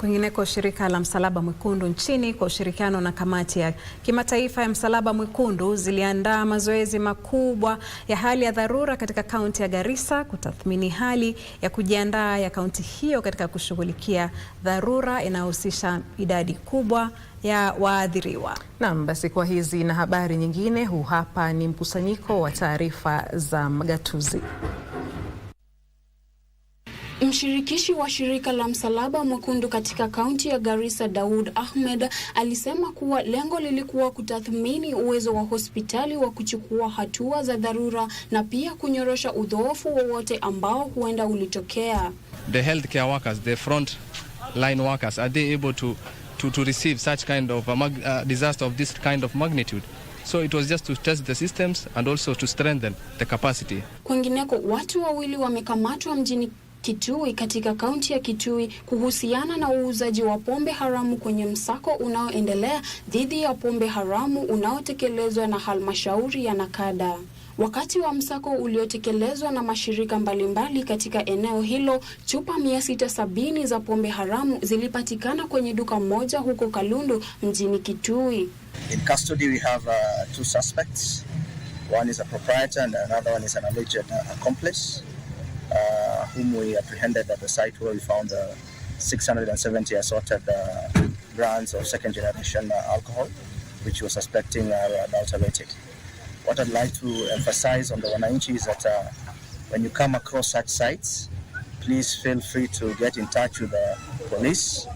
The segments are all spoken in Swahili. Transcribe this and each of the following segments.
Kwingineko, shirika la Msalaba Mwekundu nchini kwa ushirikiano na kamati ya kimataifa ya Msalaba Mwekundu ziliandaa mazoezi makubwa ya hali ya dharura katika kaunti ya Garissa kutathmini hali ya kujiandaa ya kaunti hiyo katika kushughulikia dharura inayohusisha idadi kubwa ya waathiriwa. Naam, basi kwa hizi na habari nyingine, huu hapa ni mkusanyiko wa taarifa za magatuzi. Mshirikishi wa shirika la Msalaba Mwekundu katika kaunti ya Garissa, Daud Ahmed, alisema kuwa lengo lilikuwa kutathmini uwezo wa hospitali wa kuchukua hatua za dharura na pia kunyorosha udhoofu wowote ambao huenda ulitokea. The healthcare workers, the front line workers, are they able to, to, to receive such kind of a mag, uh, disaster of this kind of magnitude? So it was just to test the systems and also to strengthen the capacity. Kwingineko, watu wawili wamekamatwa mjini Kitui katika kaunti ya Kitui kuhusiana na uuzaji wa pombe haramu kwenye msako unaoendelea dhidi ya pombe haramu unaotekelezwa na halmashauri ya Nakada. Wakati wa msako uliotekelezwa na mashirika mbalimbali katika eneo hilo, chupa 670 za pombe haramu zilipatikana kwenye duka moja huko Kalundu mjini Kitui. In custody we have uh, two suspects. One is a proprietor and another one is an alleged uh, accomplice. whom we apprehended at the site where we found 670 assorted brands uh, of second generation uh, alcohol, which uh, we're suspecting are adulterated. What I'd like to emphasize on the Wananchi is that when you come across such sites, please feel free to get in touch with the police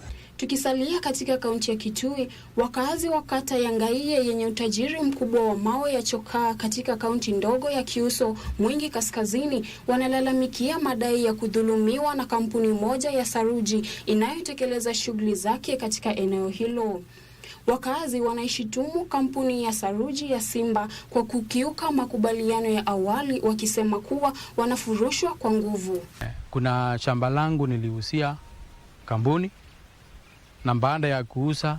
Tukisalia katika kaunti ya Kitui, wakazi wa kata ya Ngaiye yenye utajiri mkubwa wa mawe ya chokaa katika kaunti ndogo ya Kiuso Mwingi Kaskazini wanalalamikia madai ya kudhulumiwa na kampuni moja ya saruji inayotekeleza shughuli zake katika eneo hilo. Wakazi wanaishitumu kampuni ya saruji ya Simba kwa kukiuka makubaliano ya awali, wakisema kuwa wanafurushwa kwa nguvu. Kuna shamba langu nilihusia kampuni na baada ya kuuza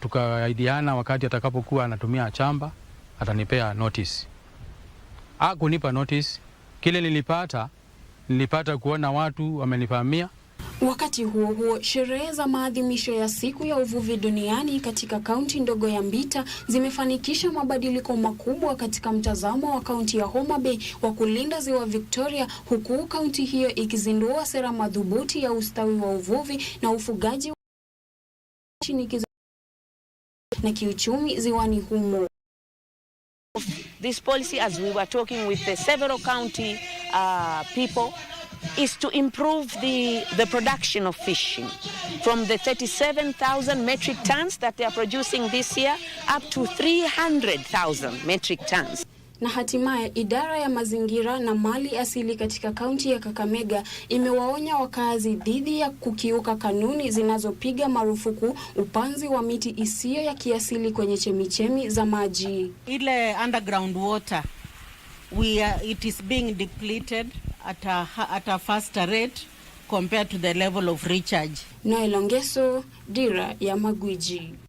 tukaaidiana wakati atakapokuwa anatumia chamba atanipea notice. Hakunipa notice. Kile nilipata nilipata kuona watu wamenifahamia. Wakati huo huo, sherehe za maadhimisho ya siku ya uvuvi duniani katika kaunti ndogo ya Mbita zimefanikisha mabadiliko makubwa katika mtazamo wa kaunti ya Homa Bay wa kulinda ziwa Victoria, huku kaunti hiyo ikizindua sera madhubuti ya ustawi wa uvuvi na ufugaji shinikizo na kiuchumi ziwani humo. This policy as we were talking with the several county uh, people is to improve the, the production of fishing from the 37,000 metric tons that they are producing this year up to 300,000 metric tons na hatimaye idara ya mazingira na mali asili katika kaunti ya Kakamega imewaonya wakazi dhidi ya kukiuka kanuni zinazopiga marufuku upanzi wa miti isiyo ya kiasili kwenye chemichemi za maji. Ile underground water we are, it is being depleted at a, at a faster rate compared to the level of recharge. Noel Ongeso, Dira ya Magwiji.